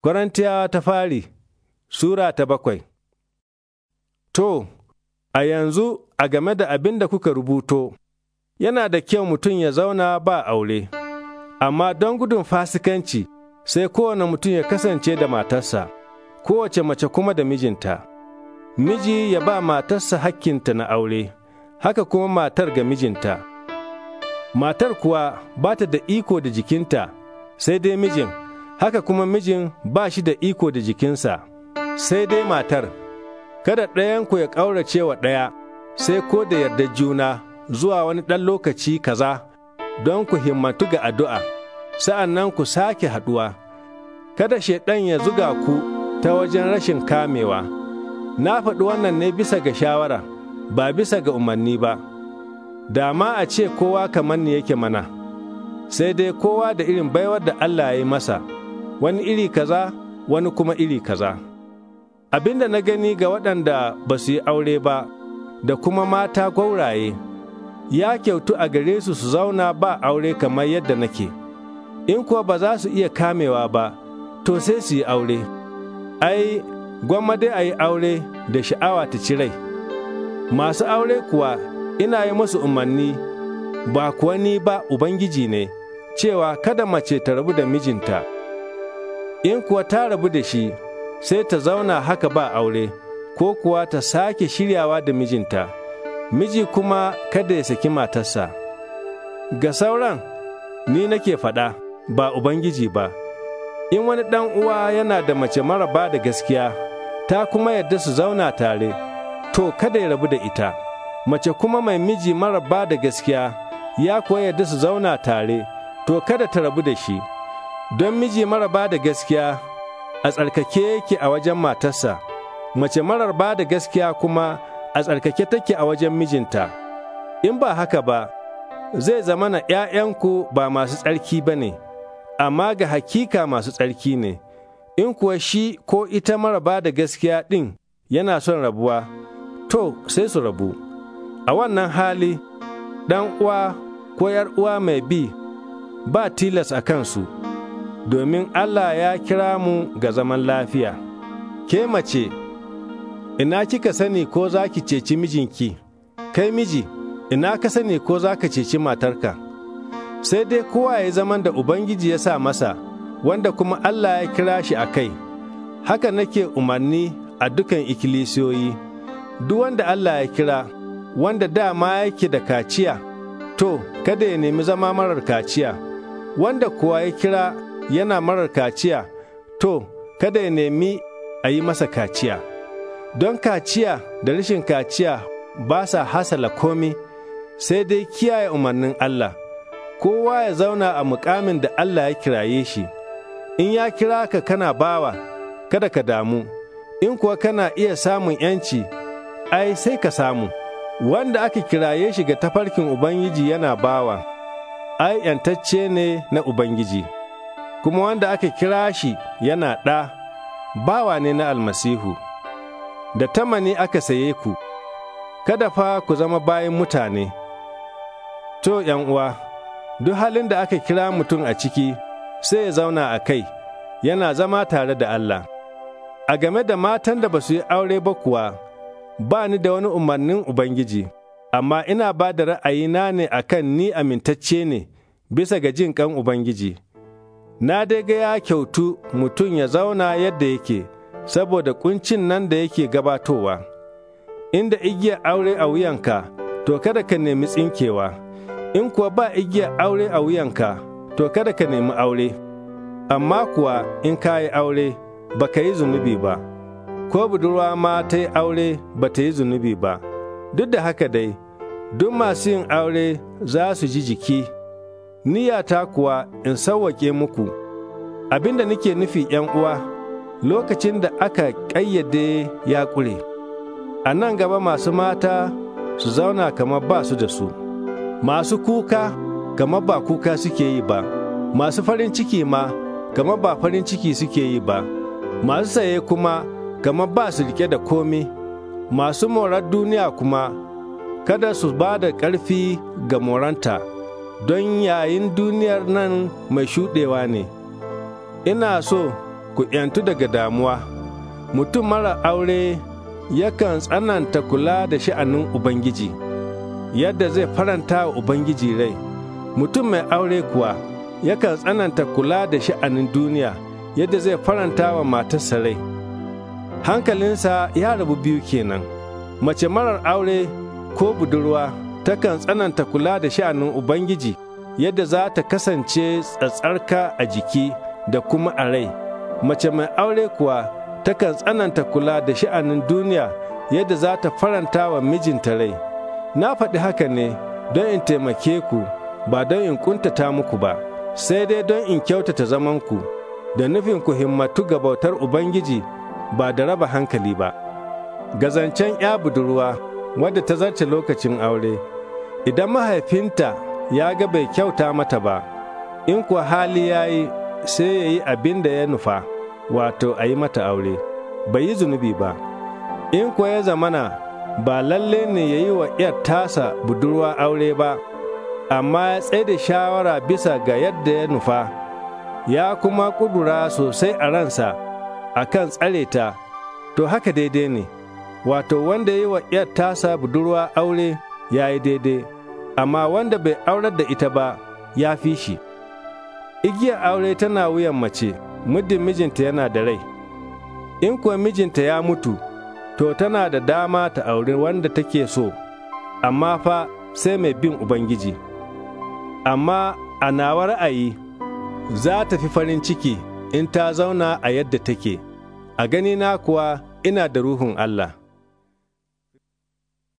Korintiya ta fari Sura ta bakwai To, a yanzu a game da abin da kuka rubuto, yana da kyau mutum ya zauna ba aure, amma don gudun fasikanci sai kowane mutum ya kasance da matarsa, kowace mace kuma da mijinta. Miji ya ba matarsa hakkinta na aure, haka kuma matar ga mijinta. Matar kuwa ba ta da iko da jikinta, sai dai mijin. haka kuma mijin ba shi da iko da jikinsa, sai dai matar, kada ɗayanku ya ƙaurace wa ɗaya, sai ko da yarda juna zuwa wani ɗan lokaci kaza don ku himmatu ga addu'a, sa'an nan ku sake haɗuwa, kada shaiɗan ya zuga ku ta wajen rashin kamewa. Na faɗi wannan ne bisa ga shawara, ba bisa ga umarni ba, da ma a ce kowa kamar ni yake mana, sai dai kowa da irin baiwar da Allah ya yi masa. wani iri kaza wani kuma iri kaza Abinda na gani ga waɗanda ba su yi aure ba da kuma mata gwauraye ya kyautu a gare su su zauna ba aure kamar yadda nake in kuwa ba za su iya kamewa ba to sai su yi aure ai gwamma dai a yi aure da sha'awa ta ci rai masu aure kuwa ina yi musu umarni ba kuwa ni ba ubangiji ne cewa kada mace ta rabu da mijinta. in kuwa ta rabu da shi sai ta zauna haka ba aure ko kuwa ta sake shiryawa da mijinta miji kuma kada ya saki matarsa ga sauran ni nake faɗa ba ubangiji ba in wani ɗan uwa yana da mace mara ba da gaskiya ta kuma yadda su zauna tare to kada ya rabu da ita mace kuma mai miji mara ba da gaskiya ya kuwa yadda su zauna tare to kada ta rabu da shi don miji mara ba da gaskiya a tsarkake yake a wajen matarsa, mace marar ba da gaskiya kuma a tsarkake take a wajen mijinta, in ba haka ba, zai zama na ’ya'yanku ba masu tsarki ba ne, amma ga hakika masu tsarki ne, in kuwa shi ko ita mara ba da gaskiya ɗin yana son rabuwa, to sai su rabu. A wannan hali, ɗan uwa ko uwa mai bi ba tilas a kansu. domin Allah ya kira mu ga zaman lafiya. Ke mace, ina kika sani ko za ki ceci mijinki, kai miji, ina ka sani ko za ka ceci matarka. Sai dai kowa ya zaman da Ubangiji ya sa masa, wanda kuma Allah ya kira shi a kai. Haka nake umarni a dukan ikkilisiyoyi, duk wanda Allah ya kira, wanda dama yake da kaciya, to, kada ya nemi zama marar kaciya, wanda kuwa ya kira yana marar kaciya, to, kada ya nemi a yi masa kaciya. Don kaciya da rashin kaciya ba sa hasala komi, sai dai kiyaye umarnin Allah, kowa ya zauna a mukamin da Allah ya kiraye shi, in ya kira ka kana bawa, kada ka damu, in kuwa kana iya samun ‘yanci, ai sai ka samu, wanda aka kiraye shi ga tafarkin Ubangiji yana bawa, ai ‘yantacce ne na Ubangiji. kuma wanda aka kira shi yana ɗa, bawa ne na almasihu, da tamani aka saye ku, kada fa ku zama bayan mutane. To, 'yan uwa, duk halin da aka kira mutum a ciki sai ya zauna a kai, yana zama tare da Allah. A game da matan da ba su yi aure ba kuwa, ba ni da wani umarnin Ubangiji, amma ina ba da ra'ayina ne a ni amintacce ne bisa ga jin kan Ubangiji. na dai ga ya kyautu mutum ya zauna yadda yake saboda kuncin nan da yake gabatowa inda igiyar aure a wuyanka to kada ka nemi tsinkewa in kuwa ba igiyar aure a wuyanka to kada ka nemi aure amma kuwa in ka yi aure ba ka yi zunubi ba ko budurwa ma ta yi aure ba ta yi zunubi ba duk da haka dai duk masu yin aure za su ji jiki Niyata kuwa in sauwaƙe muku, abinda nake nufi ’yan uwa, lokacin da aka ƙayyade ya ƙure. A nan gaba masu mata su zauna kamar ba su da su, masu kuka kamar ba kuka suke yi ba, masu farin ciki ma kamar ba farin ciki suke yi ba, masu saye kuma kamar ba su rike da komi, masu morar duniya kuma kada su ba da ƙarfi ga moranta. don yayin duniyar nan mai shuɗewa ne. Ina so ku ‘yantu daga damuwa, mutum mara aure yakan tsananta kula da sha'anin Ubangiji, yadda zai faranta wa Ubangiji rai. Mutum mai aure kuwa yakan tsananta kula da sha'anin duniya yadda zai faranta wa matarsa rai. Hankalinsa ya rabu biyu kenan, mace marar aure ko budurwa. takan tsananta kula da sha'anin Ubangiji yadda za ta kasance tsatsarka a jiki da kuma a rai. Mace mai aure kuwa takan tsananta kula da sha'anin duniya yadda za ta faranta wa mijinta rai. Na faɗi haka ne don in taimake ku ba don in ƙuntata muku ba, sai dai don in kyautata zamanku da nufin ku himmatu ga bautar Ubangiji ba da raba hankali ba. Gazancen 'ya budurwa wadda ta zarce lokacin aure. idan mahaifinta ya ga bai kyauta mata ba in kuwa hali ya yi sai ya yi abin da ya nufa wato a yi mata aure bai yi zunubi ba in kuwa ya zamana ba lalle ne ya yi wa ‘yar tasa budurwa aure ba amma ya tsaye da shawara bisa ga yadda ya nufa ya kuma kudura sosai a ransa a kan tsare ta to haka daidai ne wato wanda ya yi wa ‘yar tasa budurwa aure ya yi daidai amma wanda bai aurar da ita ba ya fi shi. Igiyar aure tana wuyan mace, muddin mijinta yana da rai. In kuwa mijinta ya mutu, to tana da dama ta aure wanda take so, amma fa sai mai bin Ubangiji. Amma a nawa ra'ayi, za ta fi farin ciki in ta zauna a yadda take, a ganina kuwa ina da Ruhun Allah.